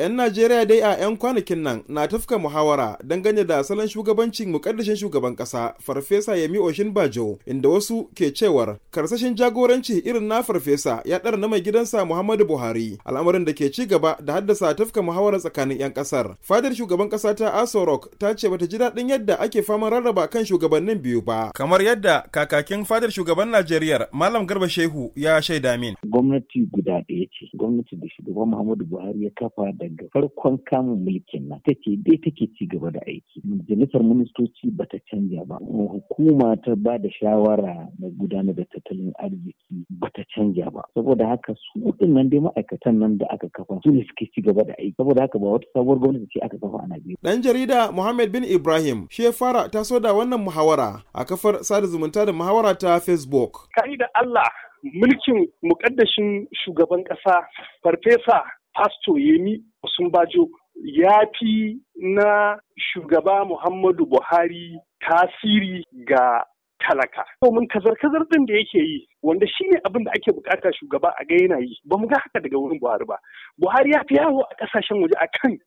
'Yan Najeriya dai a 'yan kwanakin nan na tafka muhawara dangane da salon shugabancin mukaddashin shugaban kasa Farfesa Yemi Oshin Bajo inda wasu ke cewar karsashin jagoranci irin na Farfesa ya dara na mai gidansa Muhammadu Buhari al'amarin da ke ci gaba da haddasa tafka muhawara tsakanin 'yan kasar. Fadar shugaban kasa ta Aso Rock ta ce bata ji daɗin yadda ake fama rarraba kan shugabannin biyu ba. Kamar yadda kakakin fadar shugaban Najeriya Malam Garba Shehu ya shaida min. Gwamnati guda ɗaya ce, gwamnati da shugaban Muhammadu Buhari ya kafa da daga farkon kamun mulkin na ta ce dai take ci gaba da aiki majalisar ministoci ba ta canja ba hukuma ta ba da shawara na gudanar da tattalin arziki ba ta canja ba saboda haka su nan dai ma'aikatan nan da aka kafa su ne suke ci gaba da aiki saboda haka ba wata sabuwar gwamnati ce aka kafa a Najeriya dan jarida Muhammad bin Ibrahim shi ya fara taso da wannan muhawara a kafar sada zumunta da muhawara ta Facebook kai da Allah mulkin mukaddashin shugaban ƙasa farfesa Pasto Yemi Osunbajo ya fi na shugaba Muhammadu Buhari tasiri ga talaka. mun kazar-kazar ɗin da yake yi wanda shine abin da ake bukata shugaba a ga yana yi ba mu ga haka daga wurin Buhari ba. Buhari ya fi yawo a kasashen waje a kan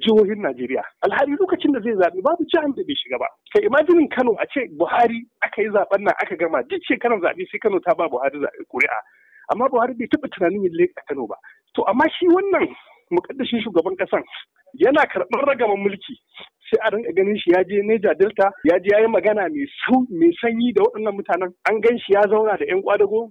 jihohin Najeriya. Alhari lokacin da zai zabi babu jihar da bai shiga ba. Kai imajinin Kano a ce Buhari aka yi zaɓen nan aka gama duk shekarar zabe sai Kano ta ba Buhari kuri'a. Amma Buhari bai taba tunanin yin a Kano ba. to amma shi wannan mukaddashin shugaban kasan yana karɓar ragaman mulki sai a rinka ganin shi ya je Niger Delta ya je yayi magana mai sanyi da waɗannan mutanen an gan shi ya zauna da 'yan kwadago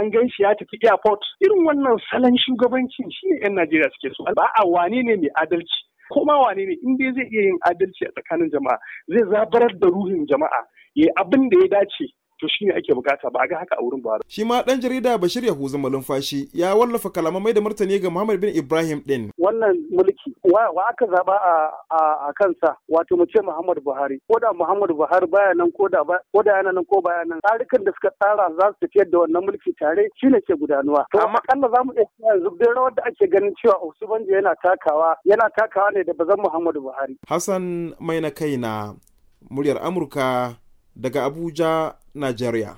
an gan shi ya tafi airport irin wannan salon shugabancin shi ne 'yan Najeriya suke so ba a wane ne mai adalci ko ma wane ne in dai zai iya yin adalci a tsakanin jama'a zai zabarar da ruhin jama'a ya abin da ya dace to shi ne ake bukata ba a ga haka a wurin bara. shi ma dan jarida bashir yahuza malumfashi ya wallafa kalaman mai da martani ga muhammad bin ibrahim ɗin. wannan mulki wa aka zaba a kansa wato mu ce muhammad buhari ko da muhammad buhari baya nan ko da yana nan ko baya nan tsarukan da suka tsara za su tafiyar da wannan mulki tare shi ne ke gudanuwa. amma akalla za mu iya yanzu duk rawar da ake ganin cewa Osubanji yana takawa yana takawa ne da bazan Muhammadu Buhari. Hassan mai na kai na muryar Amurka daga Abuja, Najeriya.